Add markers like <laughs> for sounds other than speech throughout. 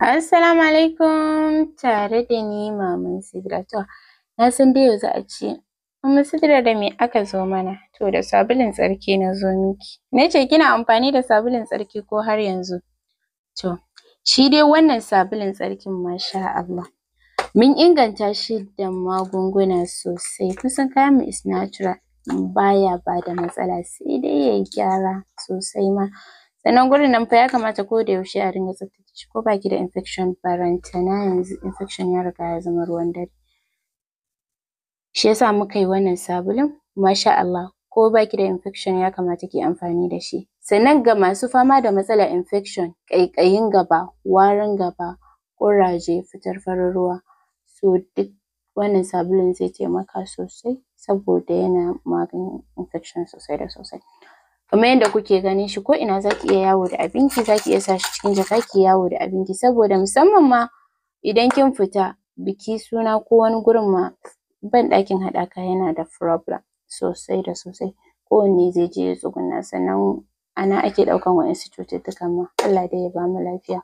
Assalamu alaikum tare da ni maman Sidra to na san dai yau za a ce Umma Sidra da me aka zo mana to da sabulun tsarki na zo miki na ce kina amfani da sabulun tsarki ko har yanzu to shi dai wannan sabulun tsarkin masha Allah mun inganta shi da magunguna sosai kusan kayan mu is natural baya bada matsala sai dai yayi gyara sosai ma sannan gurin nan fa ya kamata ko da yaushe a dinga tsaftace shi ko baki da infection barantana yanzu infection ya riga ya zama ruwan dare shi yasa muka yi wannan sabulun masha Allah ko baki da infection ya kamata ki amfani da shi sannan ga masu fama da matsalar infection ƙaiƙayin gaba warin gaba ƙuraje fitar farin ruwa so duk wannan sabulun zai taimaka sosai saboda yana maganin infection sosai da sosai kamar yanda kuke ganin shi ko ina zaki iya yawo da abinki zaki iya sa shi cikin jaka ki yawo da abinki saboda musamman ma idan kin fita biki suna ko wani gurin ma banɗakin haɗaka yana da problem sosai da sosai kowanne zai je ya tsugunna sannan ana ake ɗaukan wa'insu cututtukan ma Allah dai ya bamu lafiya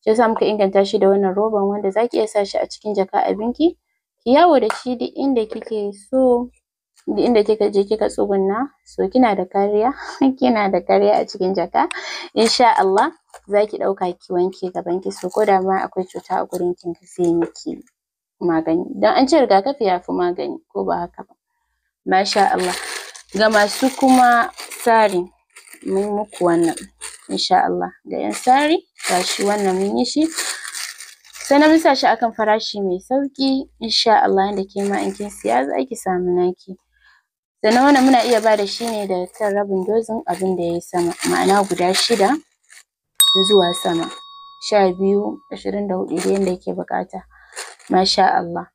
shi yasa muka inganta shi da wannan roban wanda zaki iya sa shi a cikin jaka abinki ki ki yawo da shi duk inda kike so duk inda kika je kika tsugunna so kina da kariya <laughs> kina da kariya a cikin jaka insha Allah zaki ɗauka ki wanke gaban ki so koda ma akwai cuta a gurin ki ga zai miki magani dan an ce rigakafi yafi magani ko ba haka ba masha Allah ga masu kuma sari mun muku wannan insha Allah ga ƴan sari gashi wannan mun yi shi sannan mun sa shi akan farashi mai sauƙi insha Allah yanda ma in kin siya zaki samu naki sannan wannan muna iya bada shi ne da kan rabin dozin abin da yayi sama ma'ana guda shida zuwa sama sha biyu ashirin da hudu yanda yake buƙata masha Allah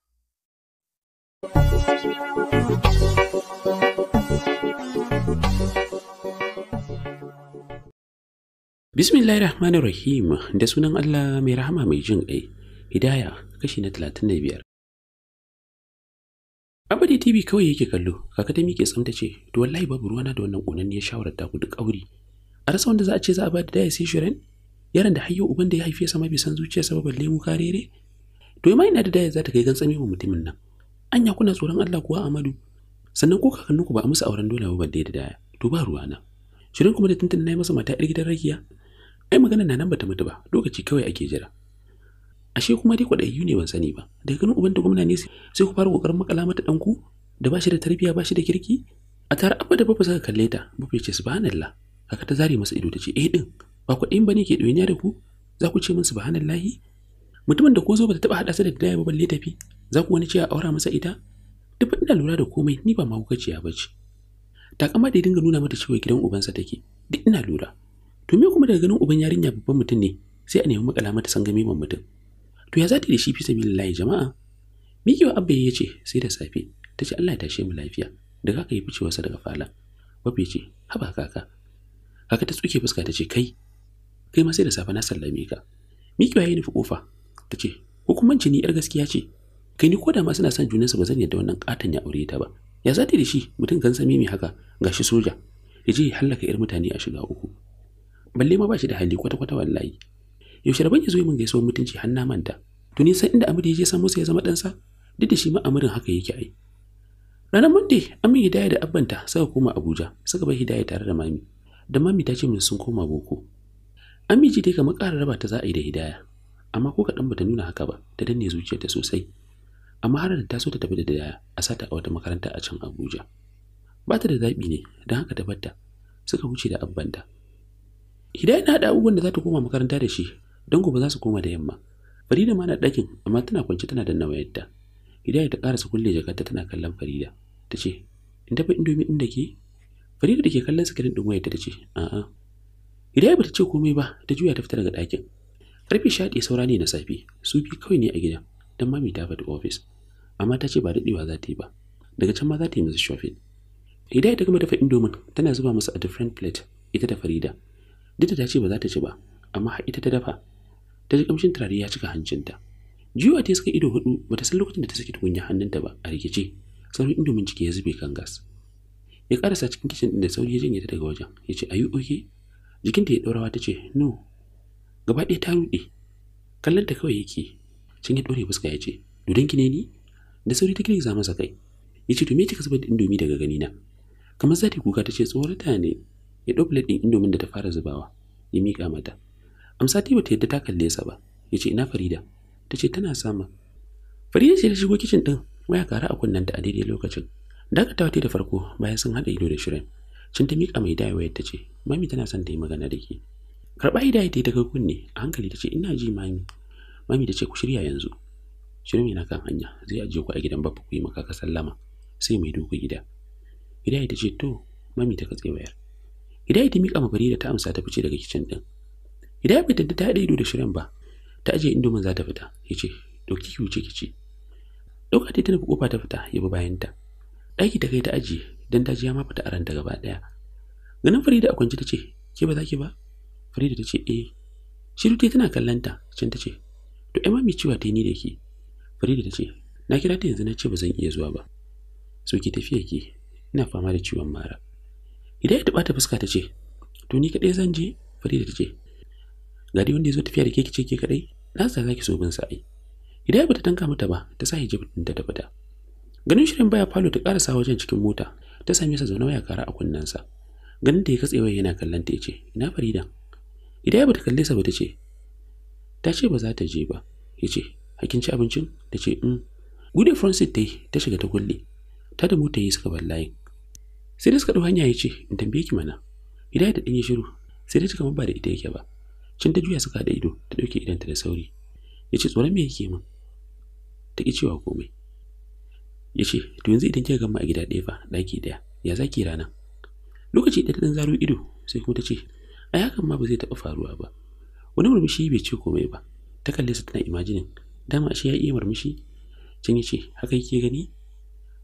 Bismillahir Rahmanir Rahim da sunan Allah mai rahama mai jin ƙai Hidaya kashi na 35 Abade TV kawai yake kallo, kaka ta miƙe tsamta ce, to wallahi babu na da wannan ya shawarar ta duk aure. A rasa wanda za a ce za a ba daya sai shirin? Yaron da hayyo uban da ya haife sa bai san zuciya ba lemu karere? To ma ina da daya za ta kai gantsami wa mutumin nan. Anya kuna tsoron Allah kuwa Amadu. Sannan ko ku ba a musu auren dole ba balle da daya. To ba ruwa ruwana. Shirin kuma da tuntun na yi masa mata 'yar gidan rakiya. Ai magana na nan bata mutu ba, lokaci kawai ake jira. ashe kuma dai kwaɗayyu ne ban sani ba daga ganin uban da gwamna ne sai ku fara kokarin maƙala mata ku da ba shi da tarbiya ba shi da kirki a tare abba da bafa suka kalle ta bafa ce subhanallah haka ta zare masa ido ta ce eh din ba kwaɗayin ba ne ke ɗoyiniya da ku za ku ce min subhanallahi mutumin da ko zo ba ta taɓa haɗa sa da ya ba balle tafi za ku wani ce a aura masa ita duk ina lura da komai ni ba ciya ba ce takama da ya dinga nuna mata cewa gidan ubansa take duk ina lura to me kuma daga ganin uban yarinya babban mutum ne sai a nemi makala mata sangami ban mutum To ya zati da shi fi sabilillahi jama'a? Mikiwa Abba ya ce sai da safe ta ce Allah ya tashe mu lafiya da ya fice wasa daga fala. Babu ya ce haba kaka. Kaka ta tsuke fuska ta ce kai kai ma sai da safe na sallame ka. Mikiwa ya nufi kofa ta ce hukumanci ni yar gaskiya ce kai ni ko da ma suna son junansa ba zan yadda wannan katon ya aure ta ba. Ya zati da shi mutum kan sami mai haka gashi soja ya je ya hallaka 'yar mutane a shiga uku. Balle ma ba shi da hali kwata-kwata wallahi. yaushe da ya zo min gaisuwar mutunci har na manta to ni san inda amir ya je san musa ya zama ɗansa duk da shi ma amirin haka yake ai ranar an amir hidaya da abbanta suka koma abuja suka bar hidaya tare da mami da mami ta ce min sun koma boko amir ji dai kamar ƙara raba ta za a yi da hidaya amma ko kaɗan bata nuna haka ba ta danne zuciyarta sosai amma har da ta so ta tafi da hidaya a sata a wata makaranta a can abuja ba ta da zaɓi ne don haka ta batta suka wuce da abbanta hidaya na haɗa abubuwan da za ta koma makaranta da shi don gobe za su koma da yamma farida ma na ɗakin amma tana kwance tana danna wayarta hidaya ta ƙarasa kulle jakarta tana kallon farida ta ce in dafa indomi inda ke farida da ke kallon sikirin ɗin wayarta ta ce a'a hidaya bata ce komai ba ta juya ta fita daga ɗakin karfe sha ɗaya saura ne na safe su bi kawai ne a gidan don mami ta fita ofis amma ta ce ba daɗewa za ta yi ba daga can ma za ta yi musu shofin. hidaya ta gama dafa indomin tana zuba masa a different plate ita da farida duk da ta ce ba za ta ci ba amma ita ta dafa ta ji kamshin turare ya cika hancinta jiwa ta suka ido hudu bata san lokacin da ta saki tukunya hannunta ba a rikice sauran indomin ciki ya zube kan gas ya karasa cikin kicin din da sauri ya janye ta daga wajen ya ce ayu oke jikinta ya ɗorawa ta ce no gaba ɗaya ta rude kallon ta kawai yake can ya ɗore fuska ya ce dudanki ne ni da sauri ta girgiza masa kai ya ce to me kika zubar da indomi daga gani na kamar za kuka ta ce tsorata ne ya ɗau plate ɗin indomin da ta fara zubawa ya miƙa mata Amsa Amsati bata yadda ta kalle sa ba. Yace ina Farida? Tace tana sama. Farida ce ta shigo kicin din, waya kara a ta a daidai lokacin. Dakatawa ta da farko bayan sun haɗa ido da Shirin. Cin ta miƙa mai dai wayar tace, "Mami tana son ta yi magana da ke." Karɓa ida ta daga kunne, a hankali ta ce, "Ina ji mami." Mami tace, "Ku shirya yanzu." Shirin yana kan hanya, zai ajiye ku a gidan babba ku yi maka ka sallama, sai mai duku gida. Ida ta tace, "To, mami ta katse wayar." Ida ta miƙa ma Farida ta amsa ta fice daga kicin din. Idan ya fita ta haɗa ido da shirin ba, ta ajiye indomin za ta fita, ya ce, ɗauki ki wuce ki ce. Ɗauka ta nufi ƙofa ta fita ya bi bayanta. Ɗaki ta kai ta ajiye don ta ji ya ma fita a ranta gaba ɗaya. Ganin Farida a kwance ta ce, ke ba za ki ba? Farida ta ce, eh. Shiru ta tana kallanta, can ta ce, to ai ma mai cewa ta yi ni da ke. Farida ta ce, na kira ta yanzu na ce ba zan iya zuwa ba. So ke tafiya ke. ina fama da ciwon mara. Idan ya taɓa ta fuska ta ce, to ni kaɗai zan je? Farida ta ce, ga wanda ya zo tafiya da ke kice ke kadai na san zaki so bin sa ai ba bata tanka mata ba ta sa hijab din ta fita ganin shirin baya falo ta karasa wajen cikin mota ta same sa zaune ya kara a sa ganin da ya katsewa yana kallon ta yace ina farida ba bata kalle sa ba ta ce ta ce ba za ta je ba yace hakin ci abincin ta ce um gude francis ta yi ta shiga ta kulle ta da mota yi suka bar layin sai da suka ɗau hanya ya ce in tambaye ki mana idan ta ɗanyi shiru sai da ta kamar ba da ita yake ba Cin ta juya suka da ido ta ɗauke idanta da sauri. Ya ce tsoron me yake min? Ta ki cewa komai. Ya ce to yanzu idan kika gama a gida ɗaya fa ɗaki ɗaya ya zaki ki rana? Lokaci ɗaya ta ɗan zaro ido sai kuma ta ce a hakan ma ba zai taɓa faruwa ba. Wani murmushi bai ce komai ba. Ta kalle sa tana imajinin dama shi ya iya murmushi. Can ya ce haka yake gani?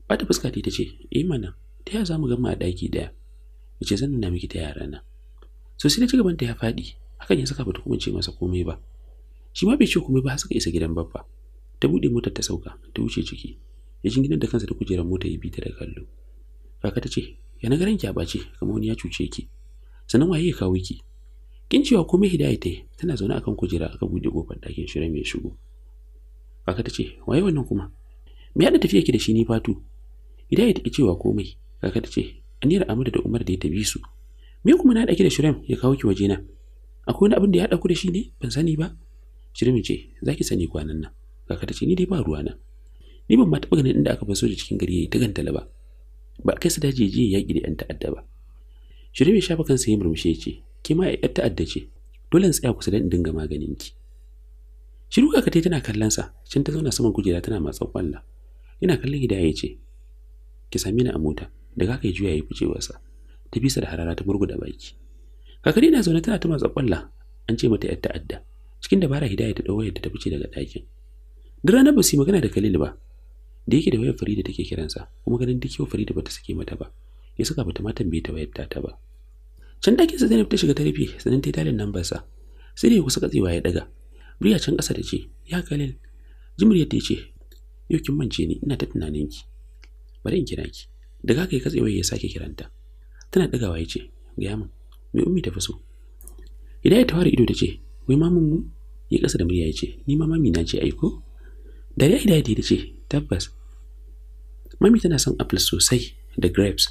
Bata fuska ta ce eh mana ta yaya za mu gama a ɗaki ɗaya? Ya ce zan nuna miki ta yara na. So sai na ci gaban ta ya faɗi hakan ya saka bata kuma ce masa komai ba shi ma bai ce komai ba har suka isa gidan babba ta buɗe motar ta sauka ta wuce ciki ya gidan da kansa da kujerar mota ya bi ta da kallo kaka ta ce ya na garan ki a bace kamar wani ya cuce ki sannan waye ya kawo ki kin cewa komai hidaya ta yi tana zaune akan kujera aka buɗe kofar ɗakin shirin mai shigo kaka ta ce waye wannan kuma me ya da tafiya ki da shi ni fatu hidaya ta ki cewa komai kaka ta ce aniyar Amadu da umar da ya tabi su me kuma na haɗa da shirin ya kawo ki waje na akwai wani abin da ya haɗa ku da shi ne ban sani ba shirmi ce za ki sani kwanan nan kaka ce ni dai ba ruwa na ni ban ma taɓa ganin inda aka faso da cikin gari ya yi ta gantala ba ba a kai su daji ya yaƙi da 'yan ta'adda ba shirmi shafa kansa ya murmushe ce ke ma 'yan ta'adda ce dole in tsaya kusa da in dinga maganin ki shiru kaka tana kallon sa can ta zauna saman kujera tana matsa kwalla ina kallon ya ce ki sami ni a mota da kaka ya juya ya yi wasa ta bisa da harara ta da baki kakari na zaune tana ta matsa an ce mata yar ta'adda cikin dabara hidaya ta dawo yadda ta fice daga ɗakin duk rana basu yi magana da Khalil ba da yake da wayar Farida take kiransa kuma ganin duk yau Farida bata sake mata ba ya saka bata ma tambaye ta wayar ta ba can ɗakin sa Zainab ta shiga ta rufe sanin ta yi talin nan sa sai da ya kusa katsewa ya daga Murya can ƙasa da ce ya Khalil Jimriyar ta ce yau kin mance ni ina ta tunanin ki bari in kira ki daga haka ya katsewa ya sake kiranta tana ɗagawa ya ce gaya min me ummi ta fi so ya ta ware ido ta ce wai mamun mu ya kasa da murya ya ce ni ma mami na ce aiko ya hidaya ta ce tabbas mami tana son apple sosai da grapes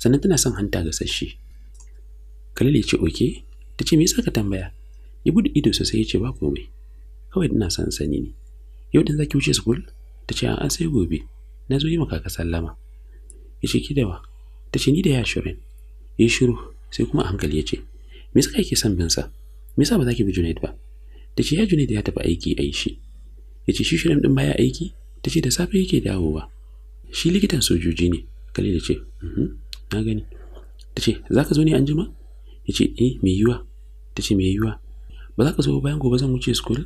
sannan tana son hanta ga sashi kalil ya ce oke ta ce me yasa ka tambaya ya bude ido sosai ya ce ba komai kawai tana son sani ne yau din zaki wuce school ta ce an sai gobe na zo yi maka ka sallama ya ce ki wa? ta ce ni da ya shirin ya shiru sai kuma a hankali ya ce me yasa kake son bin me yasa ba za ki bi Junaid ba ta ce ya Junaid ya tafi aiki a shi ya ce shi shirin din baya aiki ta ce da safe yake dawowa shi likitan sojoji ne Khalil ya ce mhm, na gani ta ce za ka zo ne an jima ya ce eh mai yiwa ta ce mai yiwa ba za ka zo bayan gobe zan wuce school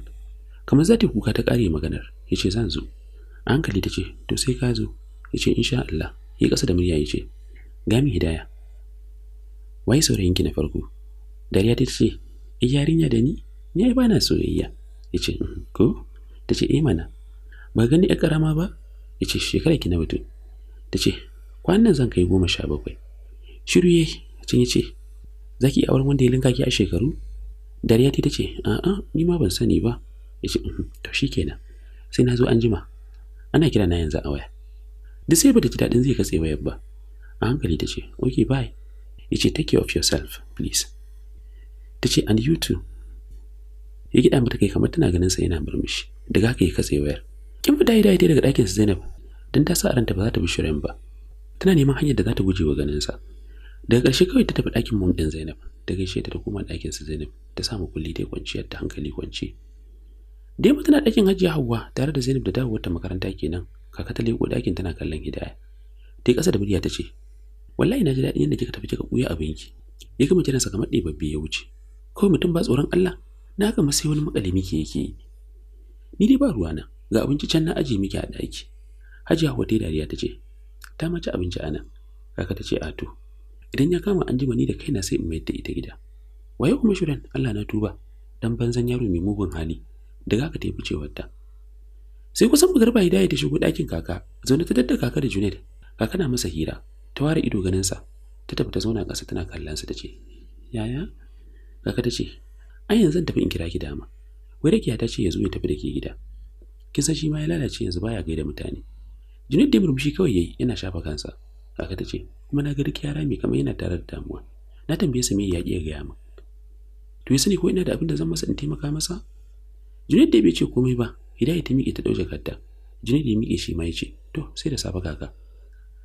kamar za ta kuka ta kare maganar ya ce zan zo a hankali ta ce to sai ka zo ya ce insha Allah ya ƙasa da murya ya ce gami hidaya wai ki na farko dariya ta ce eh, yarinya da ni ni ai bana soyayya ya ce mm, ko ta ce e mana ba gani ya karama ba ya ce shekara ki na mutu ta ce kwanan zan kai goma sha bakwai shiru ya can ya ce za ki auren wanda ya linka ki a shekaru dariya ta ce a'a ni ma ban sani ba ya ce mm, to shikenan sai na zo an jima ana kira na yanzu a waya duk sai bata ji daɗin zai katse wayar ba a hankali ta ce okay bye ya ce take of yourself please ta ce and you too ya gida mata kai kamar tana ganin sa yana murmushi daga haka ya katse wayar kin fi dai daga ɗakin sa Zainab don ta sa ranta ba za ta bi shirin ba tana neman hanyar da za ta guje wa ganin sa daga ƙarshe kawai ta tafi ɗakin mun ɗin Zainab ta gaishe ta da koma ɗakin sa Zainab ta samu kulli ta kwanciyar ta hankali kwanci Dema tana ɗakin Hajiya Hauwa tare da Zainab da dawowar ta makaranta kenan kaka ta leko ɗakin tana kallon Hidaya dai ƙasa da murya ta ce wallahi na ji daɗin yadda kika tafi kika ɓuya abinki ya gama jiransa kamar ɗebabbe ya wuce kawai mutum ba tsoron Allah na gama sai wani makalimi ke yake yi ni dai ba ruwa na. ga abinci can na ajiye miki a ɗaki hajiya hawa ta dariya ta ce ta mace abinci a nan. kaka ta ce a to idan ya kama an jima ni da kaina sai in mayar da ita gida waye kuma shirin Allah na tuba dan banzan yaro mai mugun hali da ka ta yi ficewar ta sai kusan magarba hidaya ta shigo ɗakin kaka zaune ta dadda kaka da Junaid kaka na masa hira ta ware ido ganinsa ta tafi ta zauna ƙasa tana kallon sa ce yaya kaka ta ai yanzu zan tafi in kira ki dama wai rakiya ta ce ya zo ya tafi da ke gida kin san shi ma ya lalace yanzu baya gaida mutane Junaid da murmushi kawai yayi yana shafa kansa kaka ta kuma na ga duk yara mai kamar yana tare da damuwa na tambaye su me ya gaya min to ya sani ko ina da abin da zan masa in taimaka masa Junaid da bai ce komai ba Hidaya ta miƙe ta ɗau jakarta Junaid ya miƙe shi ma ya ce to sai da safa kaka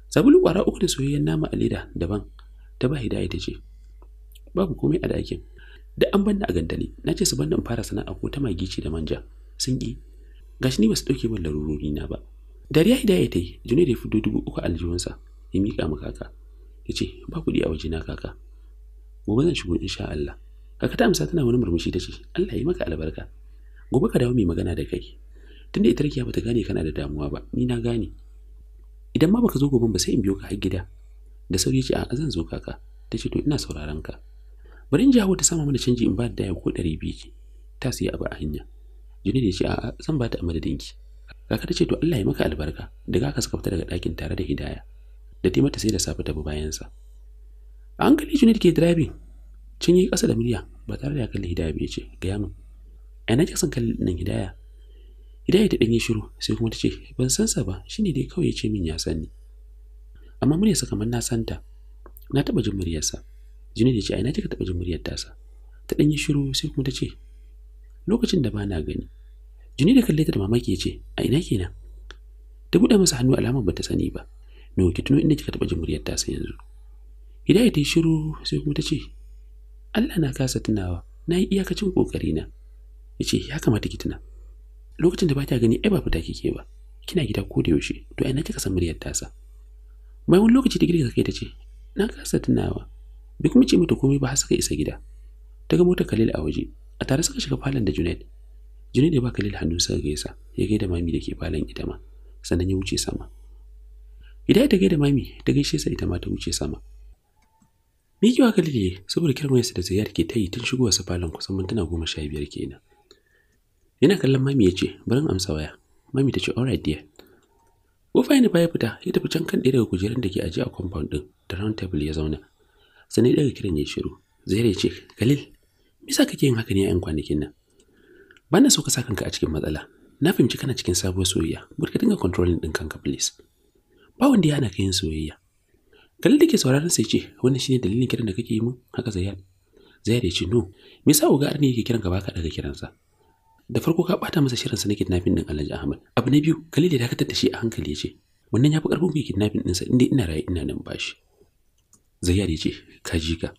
sabulu kwara uku da soyayyen nama a leda daban ta ba hidaya ta ce babu komai a dakin da an banna a gandali na ce su banna in fara sana'a ko ta magi ce da manja sun ƙi gashi ni ba su dauke min larurori na ba dariya hidaya ta yi juna da ya fito dubu uku aljihunsa ya miƙa mu kaka ya ce ba kuɗi a waje na kaka gobe zan shigo insha Allah kaka ta amsa tana wani murmushi ta ce Allah ya maka albarka gobe ka dawo mai magana da kai tunda ita rakiya bata gane kana da damuwa ba ni na gane idan ma baka zo gobe ba sai in biyo ka har gida da sauri ce a zan zo kaka ta ce to ina sauraron ka bari in ji hawa ta sama mana canji in ba da daya ko ɗari biyu ce ta siya abu a hanya jini da ce a zan ba ta a madadinki kaka ta ce to Allah ya maka albarka da ka suka fita daga dakin tare da hidaya da ta mata sai da safe ta bi sa. a hankali jini da ke driving can yi ƙasa da murya ba tare da ya kalli hidaya ba ya ce gaya min a kasan kalli kallon hidaya Idan dan yi shiru sai kuma ta ban san sa ba, shine ne dai kawai yace min ya san ni. Amma muryarsa kamar na santa, na taɓa jin muryarsa. jini da ce, ai na kika taɓa jin muryar sa?" Ta yi shiru sai kuma ta lokacin da ba na gani. jini da kalle ta da mamaki yace ce, a ina kenan? Ta buɗe masa hannu alamar ba ta sani ba. No, ki tuno inda kika taba jin muryar tasa yanzu. Idan ita yi shiru sai kuma ta Allah na kasa tunawa, na yi iyakacin ƙoƙarina. Ya ce, ya kamata ki tuna. lokacin da ba ta gani ai ba fita kike ba kina gida ko da yaushe to ai na kika san muryar tasa bayan wani lokaci da girgiza kai ta ce na kasa tunawa duk kuma ce mata komai ba har suka isa gida ta ga motar Khalil a waje a tare suka shiga falon da Junaid Junaid da ba Khalil hannu suka gaisa ya gaida mami da ke falon ita ma sannan ya wuce sama idan ta gaida mami ta gaishe sa ita ma ta wuce sama Mikiwa kalli saboda kirmayarsa da ziyarar ke ta yi tun shigowarsa falon kusan mintuna goma sha biyar kenan yana kallon mami ya ce bari amsa waya mami ta ce alright dear Kofa yana baya fita ya tafi can kan ɗaya daga kujerun da ke ajiye a compound ɗin da round table ya zauna. Sani daga kiran ya shiru. ya ce, Khalil, me kake yin haka ne a 'yan kwanakin nan? Bana so ka sa kanka a cikin matsala. Na fahimci kana cikin sabuwar soyayya, burka ka dinga controlling ɗin kanka please. Ba wanda ya hana ka yin soyayya. Khalil da ke sauraron sai ce, wannan shine dalilin kiran da kake yi mun? haka Zayyad. ya ce, no, me yasa uga ne yake kiran ka baka daga kiransa? da farko ka bata masa shirinsa na kidnapping din Alhaji Ahmad abu na biyu Khalil ya dakatar da shi a hankali yace wannan yafi karfin ku kidnapping din sa inda ina raye ina nan bashi Zayyar yace ka ji ka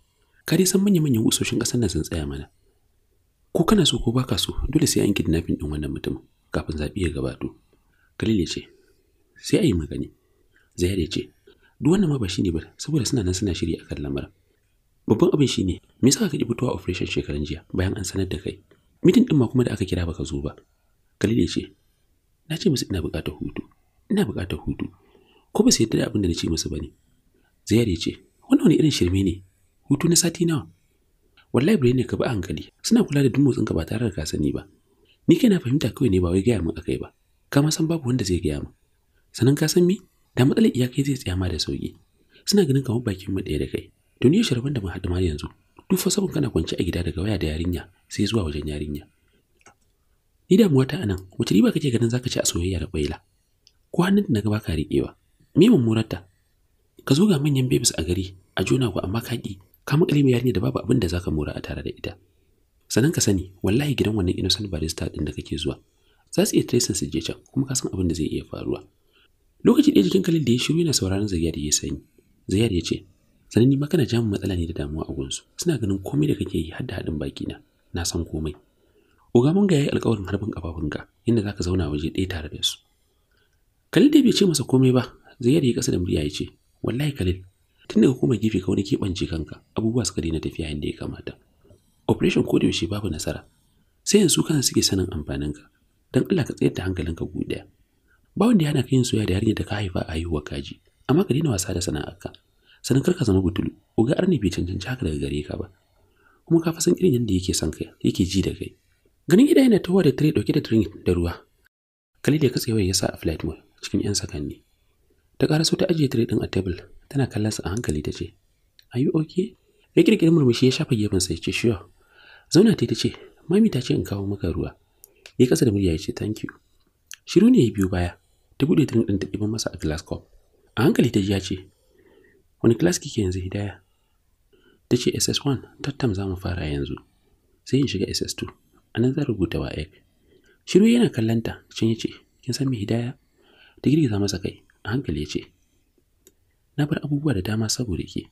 ka dai san manyan manyan usoshin kasar nan sun tsaya mana ko kana so ko baka so dole sai an kidnapping din wannan mutum kafin zabi ya gabato Khalil yace sai ayi magani Zayyar yace duk wannan ma ba shine ba saboda suna nan suna shiri akan lamarin babban abin shine me yasa ka ki fitowa operation shekaran jiya bayan an sanar da kai mitin ɗin ma kuma da aka kira baka zo ba kalile ce na ce musu ina buƙatar hutu ina buƙatar hutu ko ba su yarda da abin da na musu ba ne Ziyar ya ce wannan wani irin shirme ne hutu na sati nawa wallahi bai ne ka ba hankali suna kula da duk motsin ka ba tare da ka sani ba ni kai na fahimta kawai ne ba wai gaya min akai ba kama san babu wanda zai gaya mu sanan ka san mi. da matsalar iyakai zai tsaya ma da sauki suna ganin kamar bakin mu ɗaya da kai duniyar sharban da mun haɗu ma yanzu duk fa sabon kana kwance a gida daga waya da yarinya sai zuwa wajen yarinya ni damuwa ta anan wace riba kake ganin zaka ci a soyayya da kwaila ko hannun da naga baka riƙewa me mun murarta. ka zo ga manyan babies a gari a jona ku amma ka ki ka makale mai yarinya da babu abin da zaka mura a tare da ita sannan ka sani wallahi gidan wannan innocent barista din da kake zuwa za su iya tracing su je can kuma ka san abin da zai iya faruwa lokaci ɗaya jikin kalil da ya shiru yana sauraron zayyar ya sanyi zayyar ya ce sanani ma kana jamin matsala ne da damuwa a gunsu suna ganin komai da kake yi har da haɗin baki na na san komai uga mun ga yayi alƙawarin harbin ƙafafunka, inda zaka zauna waje ɗaya tare da su Khalil dai bai ce masa komai ba zai yi kasa da murya ya ce wallahi Khalil tun daga koma gefe ka wani keɓance kanka abubuwa suka daina tafiya yadda ya kamata operation ko da yaushe babu nasara sai yanzu kana suke sanin amfaninka don Allah ka tsayar da hankalinka guda ba wanda yana yin soyayya da yarinya da ka haifa a haihuwa kaji amma ka daina wasa da sana'arka sanin karka zama butulu Uga arne bai cancanci haka daga gare ka ba kuma ka fa san irin yadda yake son kai yake ji da kai ganin gida yana tawa da tire dauke da drink da ruwa Khalid ya katse ya sa a flight mode cikin 'yan sakanni ta karaso ta ajiye tire din a table tana kallon sa a hankali ta ce are you okay ya kirkiri murmushi ya shafa gefen sa ya ce sure zauna ta ce mami ta ce in kawo maka ruwa ya kasa da murya ya ce thank you shiru ne ya biyo baya ta bude drink din ta ɗiban masa a glass cup a hankali ta ji ya ce wani class kike yanzu hidaya tace ce ss1 tattam zamu fara yanzu sai in shiga ss2 a zan rubuta wa ek shiru yana kallanta cin yace ce kin san me hidaya digiri girgiza masa kai a hankali yace ce na bar abubuwa da dama saboda ke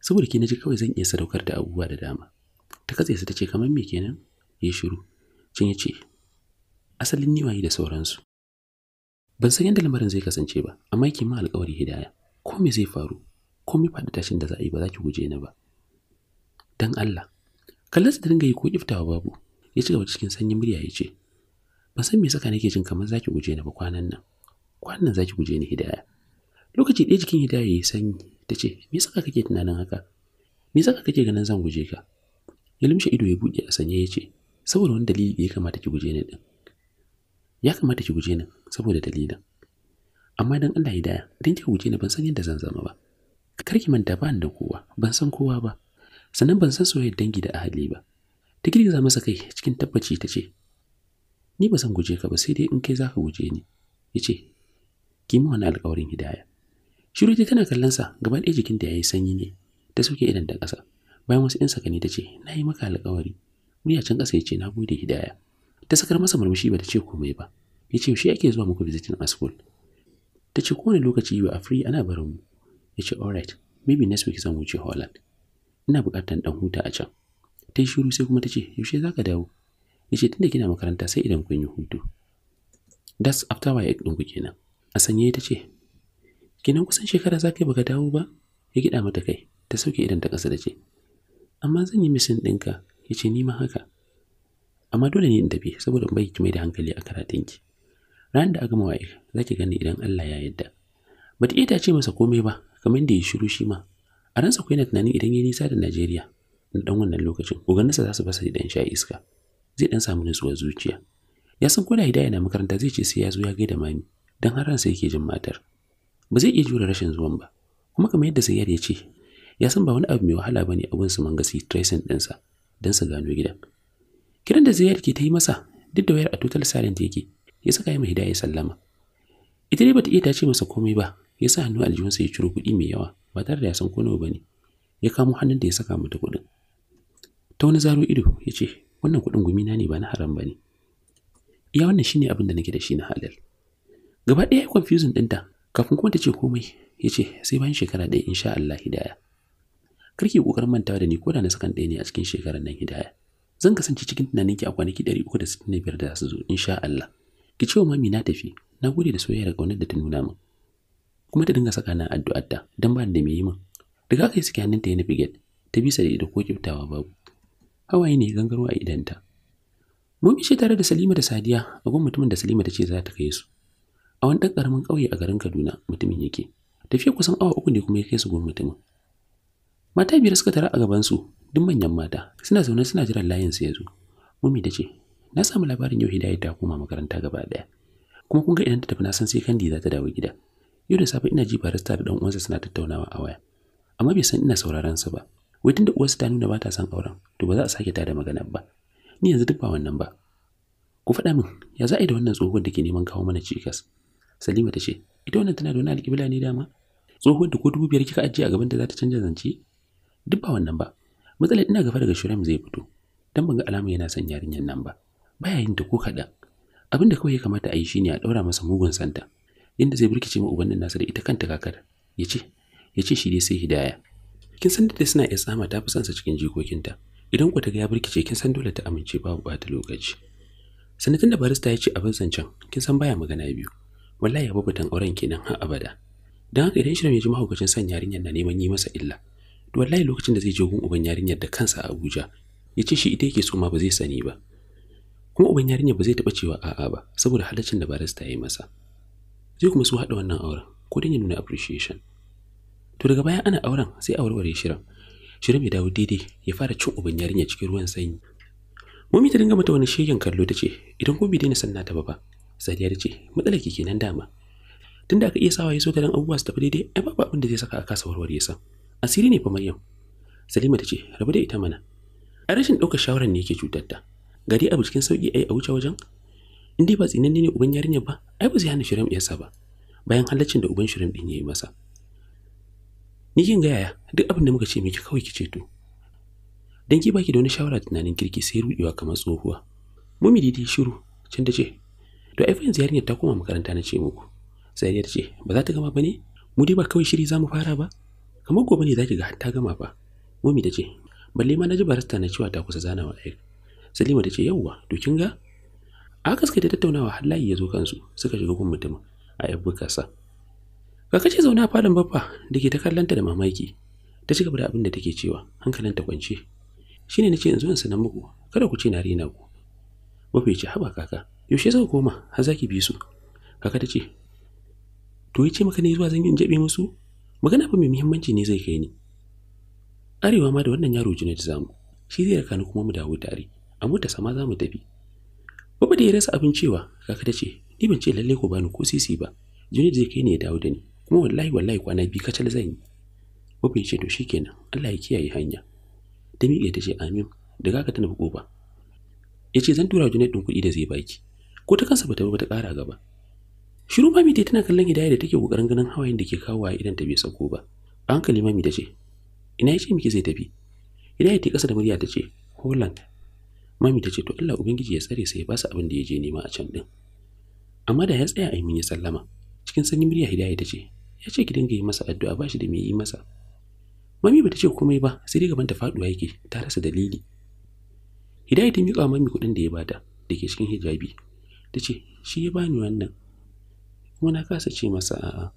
saboda ke naji kawai zan iya sadaukar da abubuwa da dama ta katse su ta ce kamar me kenan yi shiru cinye yace ce asalin niwayi da sauransu ban san yadda lamarin zai kasance ba amma ki ma alƙawari hidaya ko me zai faru komai faɗi tashin da za a yi ba za ki guje ni ba dan Allah kallon da dinga yi ko kiftawa babu ya ci gaba cikin sanyin murya ya ce ban san me saka nake jin kamar za ki guje ni ba kwanan nan kwanan nan za ki guje ni hidaya lokaci ɗaya jikin hidaya ya yi sanyi ta ce me saka kake tunanin haka me saka kake ganin zan guje ka ya lumshe ido ya buɗe a sanye ya ce saboda wani dalili da ya kamata ki guje ni din ya kamata ki guje ni saboda dalilin amma dan Allah hidaya dan kika guje ni ban san yadda zan zama ba kar ki manta ba da kowa ban san kowa ba sannan ban san soyayyar dangi da ahali ba ta girgiza masa kai cikin tabbaci ta ce ni ba zan guje ka ba sai dai in kai zaka guje ni ya ce ki wani alkawarin hidaya shiru ta tana kallon sa gaba ɗaya jikin ya yi sanyi ne ta sauke idan da ƙasa bayan wasu 'yan sakani ta ce na yi maka alƙawari wuya can ƙasa ya ce na gode hidaya ta sakar masa murmushi ba ta ce komai ba ya ce yaushe ake zuwa muku visiting a school ta ce kowane lokaci yiwa a free ana barin mu ya ce alright maybe next week zan wuce holland ina bukatar dan huta a can ta yi shiru sai kuma ta ce yaushe za ka dawo ya ce tunda kina makaranta sai idan kun yi hutu das after my ɗin ku kenan a sanye ta ce kenan kusan shekara za ka yi baka dawo ba ya gida mata kai ta sauke idan ta ƙasa da ce amma zan yi misin ɗinka ya ce ni ma haka amma dole ne in tafi saboda in bai ki mai da hankali a karatunki ranar da aka mawa za ki gani idan Allah ya yadda. ba ta iya ta ce masa komai ba kamar da ya shiru shi ma a ransa kuwa yana tunanin idan ya nisa da najeriya na dan wannan lokacin ugannasa za su fasa dan sha iska zai dan samu nutsuwar zuciya ya san ko da hidaya na makaranta zai ce sai ya zo ya gaida mami dan har ransa yake jin matar ba zai iya jure rashin zuwan ba kuma kamar yadda sayyar ya ce ya san ba wani abu mai wahala bane abun su mangasi tracing ɗinsa don su gano gidan kiran da Ziyar ke ta yi masa duk da wayar a total silent yake ya saka yi hidaya sallama ita dai bata iya tace masa komai ba ya sa hannu aljihunsa ya ciro kuɗi mai yawa ba tare da ya san ko nawa bane ya kamo hannun da ya saka mata kuɗin ta wani zaro ido ya ce wannan kuɗin gumina ne ba na haram bane iya wannan shine abin da nake da shi na halal gaba ɗaya confusing ɗinta kafin kuma ta ce komai ya ce sai bayan shekara ɗaya insha Allah hidaya Kar karki kokarin mantawa da ni ko da na sakan ɗaya ne a cikin shekarar nan hidaya zan kasance cikin tunaninki a kwanaki 365 da za su zo insha Allah ki ce wa mami na tafi na gode da soyayya da kaunar da ta nuna min kuma ta dinga saka na addu'arta dan ba da me yi min daga kai suke hannunta ya nufi ta bisa da ido ko kiftawa babu hawaye ne gangaro a idanta mun ishe tare da Salima da Sadiya a gun mutumin da Salima ta ce za ta kai su a wani ɗan ƙaramin ƙauye a garin Kaduna mutumin yake tafiya kusan awa uku ne kuma ya kai su gun mutumin mata biyar suka tara a gaban su duk manyan mata suna zaune suna jiran layin su ya zo mummy ta ce na samu labarin yau Hidaya ta koma makaranta gaba ɗaya kuma kun ga idan ta tafi na san sai kandi za ta dawo gida yau da safe ina ji barista da dan uwansa suna tattaunawa a waya amma bai san ina sauraron su ba wai tunda uwarsa ta nuna ba ta son auren to ba za a sake da maganar ba ni yanzu duk ba wannan ba ku faɗa min ya za a yi da wannan tsohuwar da ke neman kawo mana cikas salima ta ce ita wannan tana da wani alƙibla ne dama tsohuwar da ko dubu biyar kika ajiye a gaban da za ta canza zance duk ba wannan ba matsalar ina gaba daga shiram zai fito dan ban ga alama yana son yarinyar nan ba baya yin ta ko kaɗan abin da kawai ya kamata a yi shine a ɗaura masa mugun santa inda zai birkice ma ubannin nasa da ita kanta kakar ya ce ya ce shi dai sai hidaya kin san da suna iya sama ta fi son sa cikin jikokinta idan ku ta ga ya birkice kin san dole ta amince babu bata lokaci sanatin da barista ya ce abin zancen kin san baya magana biyu wallahi ya babatan auren kenan har abada dan haka idan shirin ya ji mahaukacin san yarinyar na neman yi masa illa to wallahi lokacin da zai je gun uban yarinyar da kansa a Abuja ya ce shi ita yake so ma ba zai sani ba kuma uban yarinyar ba zai taɓa cewa a'a ba saboda halaccin da barista ya yi masa zai kuma su haɗa wannan auren ko don ya nuna appreciation to daga baya ana auren sai a warware shirin shirin ya dawo daidai ya fara cin uban yarinya cikin ruwan sanyi mummy ta dinga mata wani shegen kallo ta ce idan ko bai daina sanna ta ba ba sadiya ta ce matsalar ki kenan dama tunda aka iya sawa ya so garin abubuwa su tafi daidai ai babu abin da zai saka a kasa warware sa asiri ne fa maryam salima ta ce rabu da ita mana a rashin ɗaukar shawarar ne yake cutar ta gari abu cikin sauki ai a wuce wajen in dai ba tsinanne ne uban yarinyar ba ai ba zai hana shirin yasa ba bayan halaccin da uban shirin din yayi masa ni kin gaya duk abin da muka ce miki kawai ki ce to dan ki baki da wani shawara tunanin kirki sai rudewa kamar tsohuwa mi dai shiru can da ce to ai fa yanzu yarinyar ta koma makaranta na ce muku sai ya ce ba za ta gama ba ne mu dai ba kawai shiri zamu fara ba kamar gobe ne zaki ki ga ta gama fa mi ta ce balle ma na ji barista na cewa ta kusa zanawa ai salima ta ce yauwa to kin ga aka suka ta tattaunawa har layi ya zo kansu suka shiga gun mutum a yan bukarsa kaka ce zaune falon babba da ke ta kallanta da mamaki ta ci gaba da abin da take cewa hankalinta kwance shine na ce yanzu in sanar muku kada ku ce na rena ku mafi ce haba kaka yaushe zan koma har zaki bi su kaka ta ce to yi ce maka ne zuwa zan yi in jabe musu magana fa mai muhimmanci ne zai kai ni arewa ma da wannan yaro jinai da zamu shi zai raka ni kuma mu dawo tare a mota sama za mu tafi Babba da ya rasa abin cewa kaka ta ce ni ban ce lalle ko bani ko sisi ba. Junaid zai kai ne ya dawo da ni kuma wallahi wallahi kwana biyu kacal zan yi. Babba ya ce to shikenan Allah ya kiyaye hanya. Da mi ta ce amin da kaka ta nufi ƙofa. Ya ce zan tura Junaid ɗin kuɗi da zai baki. Ko ta kansa bata ba ta ƙara gaba. Shiru mami ta tana kallon hidaya da take ƙoƙarin ganin hawayen da ke kawo a idan ta bai sauko ba. A hankali mami ta ce ina ya ce miki zai tafi. Hidaya ta ƙasa da murya ta ce Holland Mami ta ce to Allah Ubangiji ya tsare sai ya basa abin da ya je nema a can din. Amma da ya tsaya a yi ya sallama. Cikin sanin murya Hidaya ta ce, ya ce ki dinga yi masa addu'a ba shi da mai yi masa. Mami bata ce komai ba sai dai gaban ta faduwa yake ta rasa dalili. Hidaya ta miƙa mami kuɗin da ya bata da ke cikin hijabi. Ta ce shi ya bani wannan kuma na kasa ce masa a'a.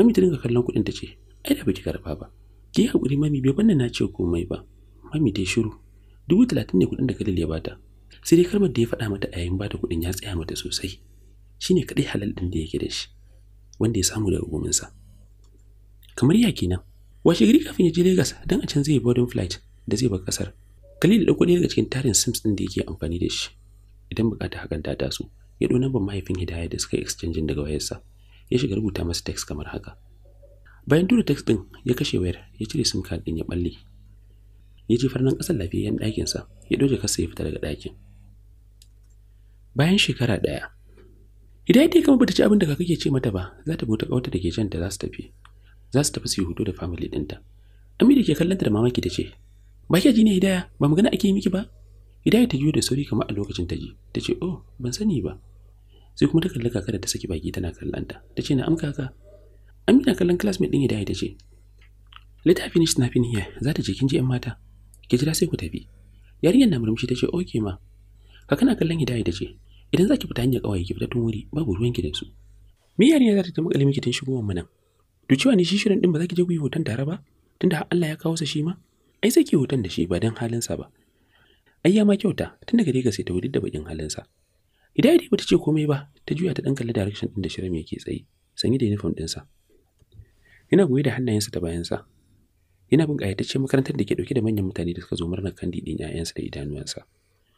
Mami ta dinga kallon kuɗin ta ce ai da baki karɓa ba. Ki haƙuri mami bai banna na ce komai ba. Mami ta shiru dubu talatin ne kuɗin da kalil ya bata sai dai kalmar da ya faɗa mata a yayin bata kuɗin ya tsaya mata sosai shine kaɗai halal ɗin da yake da shi wanda ya samu daga gominsa kamar ya kenan washe gari kafin ya je Lagos don a can zai yi boarding flight da zai bar kasar Khalil da kuɗi daga cikin tarin Sims ɗin da yake amfani da shi idan bukata hakan ta taso ya ɗo namban mahaifin Hidaya da suka exchange daga wayarsa ya shiga rubuta masa text kamar haka bayan tura text ɗin ya kashe wayar ya cire sim card ɗin ya balle ya jefar nan ƙasar lafiyayyen ɗakinsa ya doje kasa ya fita daga ɗakin bayan shekara ɗaya idan ya kama bata ci abin da kake ce mata ba za ta bota da ke jan da za su tafi za su tafi su yi hoto da family ɗinta amira ke kallonta da mamaki ta ce ba ki ji ne hidaya ba magana ake yi miki ba hidaya ta yiwu da sauri kamar a lokacin ta ji ta ce oh ban sani ba sai kuma ta kalli kaka da ta saki baki tana kallonta ta ce na'am kaka amina kallon classmate ɗin hidaya ta ce Later finish snapping here, za ta je kin ji ‘yan mata. ki jira sai ku tafi yarinyar na murmushi ta ce oke ma ka kana kallon hidaya tace ce idan zaki fita hanyar ƙawaye ki fita tun wuri babu ruwan ki da su me yarinya za ta ta makalimi ki tun shigo mu nan to cewa ni shi shirin din ba za ki je ku yi hoton tare ba tunda Allah ya kawo sa shi ma ai sai ki hoton da shi ba dan halinsa ba ai ya ma kyauta tun daga ga sai ta wuri da bakin halin sa hidaya dai bata ce komai ba ta juya ta dan kalli direction din da shirin yake tsaye sanye da uniform sa Ina goye da hannayensa ta bayan sa yana bin makarantar da ke ɗauke da manyan mutane da suka zo murnar kandi ɗin 'ya'yansa da idanuwansa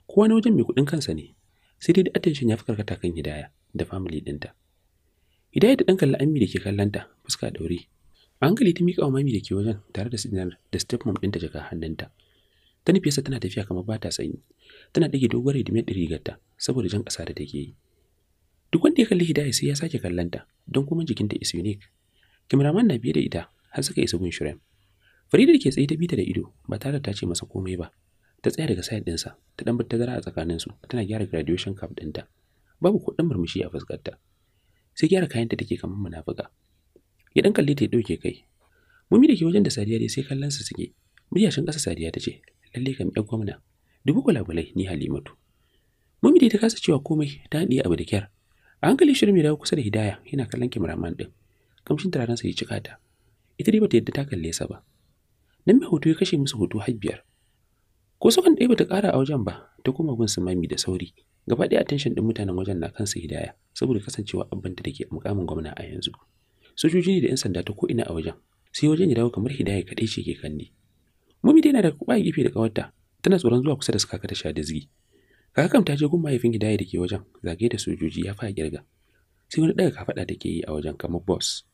kowa na wajen mai kuɗin kansa ne sai dai da attention ya fi karkata kan hidaya da family ɗinta hidaya da ɗan kalli ammi da ke kallonta fuska ɗaure a hankali ta miƙa wa mami da ke wajen tare da sinar da step mom ɗinta jaka hannunta ta yasa tana tafiya kamar ba ta sanyi tana ɗage doguwar hidimar da rigarta saboda jan ƙasa da take yi duk wanda ya kalli hidaya sai ya sake kallonta don kuma jikinta is unique Kimraman na biye da ita har suka isa gun shirem Farida ke tsaye ta bita da ido ba tare da ta ce masa komai ba. Ta tsaya daga side ɗinsa, ta ɗan ta gara a tsakaninsu, tana gyara graduation cap ɗinta. Babu kuɗin murmushi a fuskarta. Sai gyara kayanta take kamar munafuka. Ya dan kalle ta ya ɗauke kai. Mumi da ke wajen da Sadiya dai sai kallonsa suke. Muryashin ƙasa Sadiya ta ce, lalle kam ƴan gwamna, dubu kwalabalai ni Halimatu. Mumi dai ta kasa cewa komai ta haɗiye abu da kyar. A hankali shirin mai dawo kusa da Hidaya yana kallon kyamaraman ɗin. Kamshin sa ya cika ta. Ita dai bata yadda ta kalle sa ba. nan mai hoto ya kashe musu hoto har biyar ko sakan ɗaya bata ƙara a wajen ba ta koma gun mami da sauri gaba ɗaya attention ɗin mutanen wajen na kansa hidaya saboda kasancewa abin da take mukamin gwamna a yanzu sojoji ne da 'yan sanda ta ko'ina a wajen sai wajen ya dawo kamar hidaya kaɗai ce ke kandi mami dai na da kuɓa gefe da ƙawarta tana tsoron zuwa kusa da su kaka ta sha dizgi kakam ta je gun mahaifin hidaya da ke wajen zagaye da sojoji ya fara girga sai wani ɗaga kafaɗa ke yi a wajen kamar boss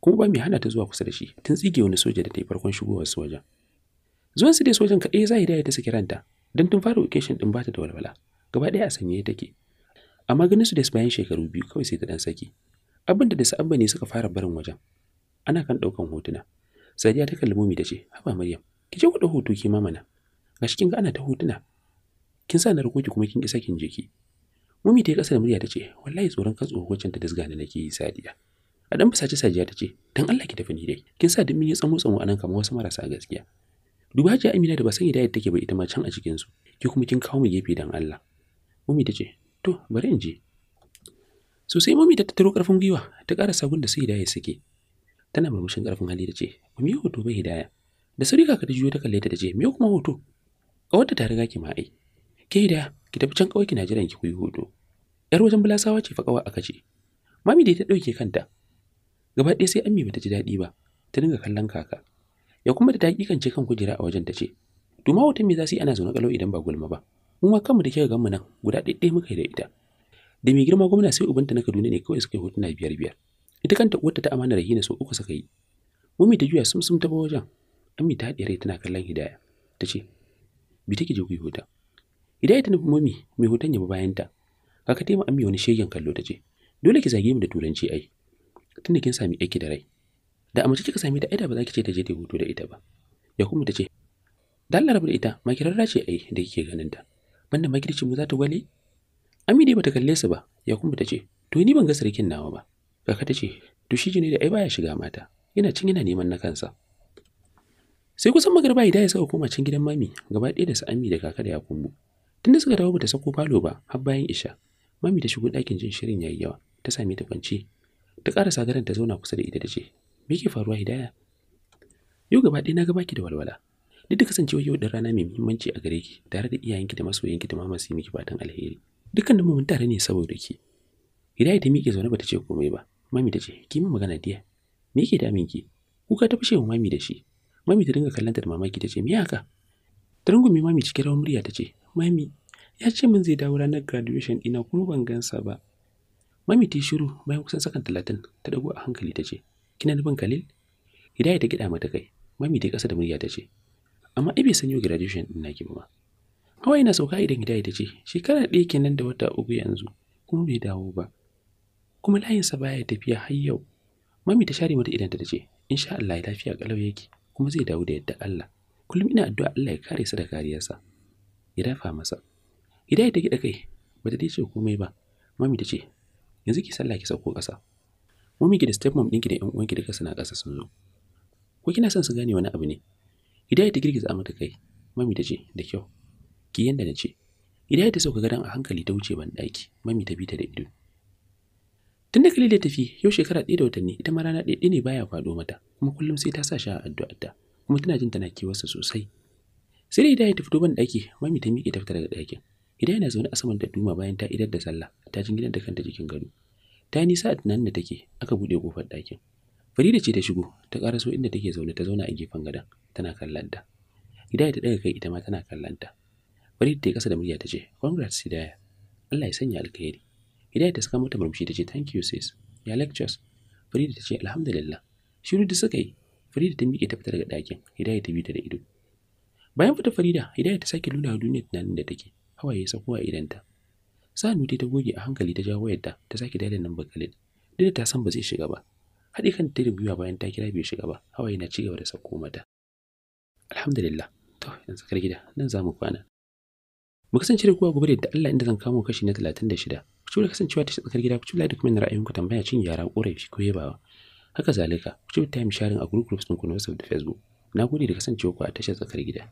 kuma ba mai hana ta zuwa kusa da shi tun tsige wani soja da ta yi farkon shigowar su wajen zuwan su dai sojan kaɗai za ya ta saki ranta don tun fara occasion ɗin ba ta da walwala gaba ɗaya a sanye take amma ganin su da bayan shekaru biyu kawai sai ta ɗan saki abin da da abba ne suka fara barin wajen ana kan ɗaukan hotuna sadiya ta kalli Mumi da ce haba maryam ki je kuɗa hoto ki mamana ga shi kin ga ana ta hotuna kin sa na rako ki kuma kin isa kin je ki mumi ta yi ƙasa da murya ta ce wallahi tsoron kan da ta nake yi sadiya a dan fusace sajiya ta ce dan Allah ki tafi ni dai kin sa dimmin ya tsamo tsamo anan kamar wasu marasa gaskiya duba ji Amina da ba san hidayar take ba ita ma can a cikin su ki kuma kin kawo mu gefe dan Allah mummy ta to bari in je so sai mummy ta tattaro karfin gwiwa ta ƙara sabon da sai ya suke tana murmushin karfin hali da ce mu yi hoto bai hidaya da sauri kaka ta juyo ta kalle ta tace ce me kuma hoto kawarta ta riga ki ma ai ke da, ki tafi can kawai kina jiran ki ku yi hoto yar wajen bulasawa ce fa kawai aka ce mami dai ta dauke kanta gaba ɗaya sai ammi bata ji daɗi ba ta dinga kallon kaka ya kuma da ta ce kan kujera a wajen ta ce to ma wata me za su yi ana zaune kalau idan ba gulma ba mu ma kanmu da kika ganmu mu nan guda ɗaya muka yi da ita da mai girma gwamna sai ubanta na Kaduna ne kawai suka yi hotuna biyar biyar ita kanta uwarta ta amana rahina so uku suka yi mummy ta juya sum sum ta wajen ammi ta haɗe rai tana kallon hidaya ta ce bi take je ku yi hota hidaya ta nufi mami mai hoton ya bayanta kaka taimaka ammi wani shegen kallo ta ce dole ki zage mu da turanci ai tunda kin sami aiki da rai da amince kika sami da aida ba za ki ce ta je ta hutu da ita ba ya kuma ta ce dan larabu da ita ma makirarra ce ai da kike ganin ta banda magirci mu za ta wale ami dai bata kalle su ba ya kuma ta ce to ni ban ga sarkin nawa ba kaka ta ce to shi ne da ai baya shiga mata yana cin yana neman na kansa sai kusan magarba idan ya saka koma cin gidan mami gaba ɗaya da su ami da kaka da yakumbu tunda suka dawo bata sako falo ba har bayan isha mami ta shigo ɗakin jin shirin yayi yawa ta sami ta kwance ta ƙarasa garin ta zauna kusa da ita ta ce me ke faruwa hidaya yau gaba ɗaya na ga baki da walwala duk da kasancewa yau da rana mai muhimmanci a gare ki tare da iyayenki da masoyanki da mama su miki fatan alheri dukkan da mun tare ne saboda ki hidaya ta miƙe zaune bata ce komai ba mami ta ce ki min magana diya me yake damin ki kuka ta fushe wa mami da shi mami ta dinga kallanta da mamaki ta ce me haka ta rungume mami cikin rawar murya ta ce mami ya ce min zai dawo ranar graduation ina kuma ban gansa ba Mami ta shiru bayan kusan sakan talatin ta dago a hankali ta ce, Kina nufin Khalil? Hidaya ta gida mata kai, mami ta kasa da murya ta ce, Amma ai bai sanyo graduation ɗin naki ba. Hawa yana sauka idan Hidaya ta ce, Shekara ɗaya kenan da wata uku yanzu, kuma bai dawo ba. Kuma layinsa baya tafiya har yau. Mami ta share mata idanta ta ce, Insha Allah ya lafiya ƙalau yake, kuma zai dawo da yadda Allah. Kullum ina addu'a Allah ya kare sa da kariyarsa. Ya dafa masa. Hidaya ta gida kai, bata dai ce komai ba. Mami ta ce, yanzu ki sallah ki sauko ƙasa mummy ki da stepmom ɗinki da ƴan uwanki duka suna ƙasa sun zo ko kina son su gane wani abu ne hidaya ta girgiza mata kai mami ta ce da kyau ki yanda na ce hidaya ta sauka gadon a hankali ta wuce ban ɗaki mami ta bi ta da ido tun da kalila tafi yau shekara ɗaya da watanni ita ma rana ɗaya ne baya faɗo mata kuma kullum sai ta sa sha a addu'a ta, kuma tana jin tana kewarsa sosai sai da ya ta fito ban ɗaki mami ta miƙe ta fita daga ɗakin Hidaya yana zaune a saman dadduma bayan ta idar da sallah, ta jingina da kanta jikin gado. Ta yi nisa a tunanin da take, aka buɗe kofar ɗakin. Farida ce ta shigo, ta ƙaraso inda take zaune ta zauna a gefen gadon, tana kallon ta. Hidaya ta ɗaga kai ita ma tana kallon ta. Farida ta yi ƙasa da murya ta ce, "Congrats Hidaya, Allah ya sanya alkhairi." Hidaya ta saka mata murmushi ta ce, "Thank you sis, ya lectures." Farida ta ce, "Alhamdulillah." Shiru da suka yi, Farida ta miƙe ta fita daga ɗakin, Hidaya ta bi ta da ido. Bayan fita Farida, Hidaya ta sake nuna wa duniya tunanin da take. hawaye ya sako a idanta sanu ta goge a hankali ta jawo wayarta ta sake dalilin nan bakalin duk da ta san ba zai shiga ba haɗi kan ta rubuwa bayan ta kira bai shiga ba hawaye na cigaba da sako mata alhamdulillah to yanzu kar gida nan za mu kwana mu kasance da kowa gobe da Allah inda zan kamo kashi na 36 ku ci kasancewa ta tsakar gida ku ci da kuma ra'ayinku tambaya cin yara korafi ko yabawa haka zalika ku ci time sharing a group groups ku na da Facebook na gode da kasancewa ku a tashar tsakar gida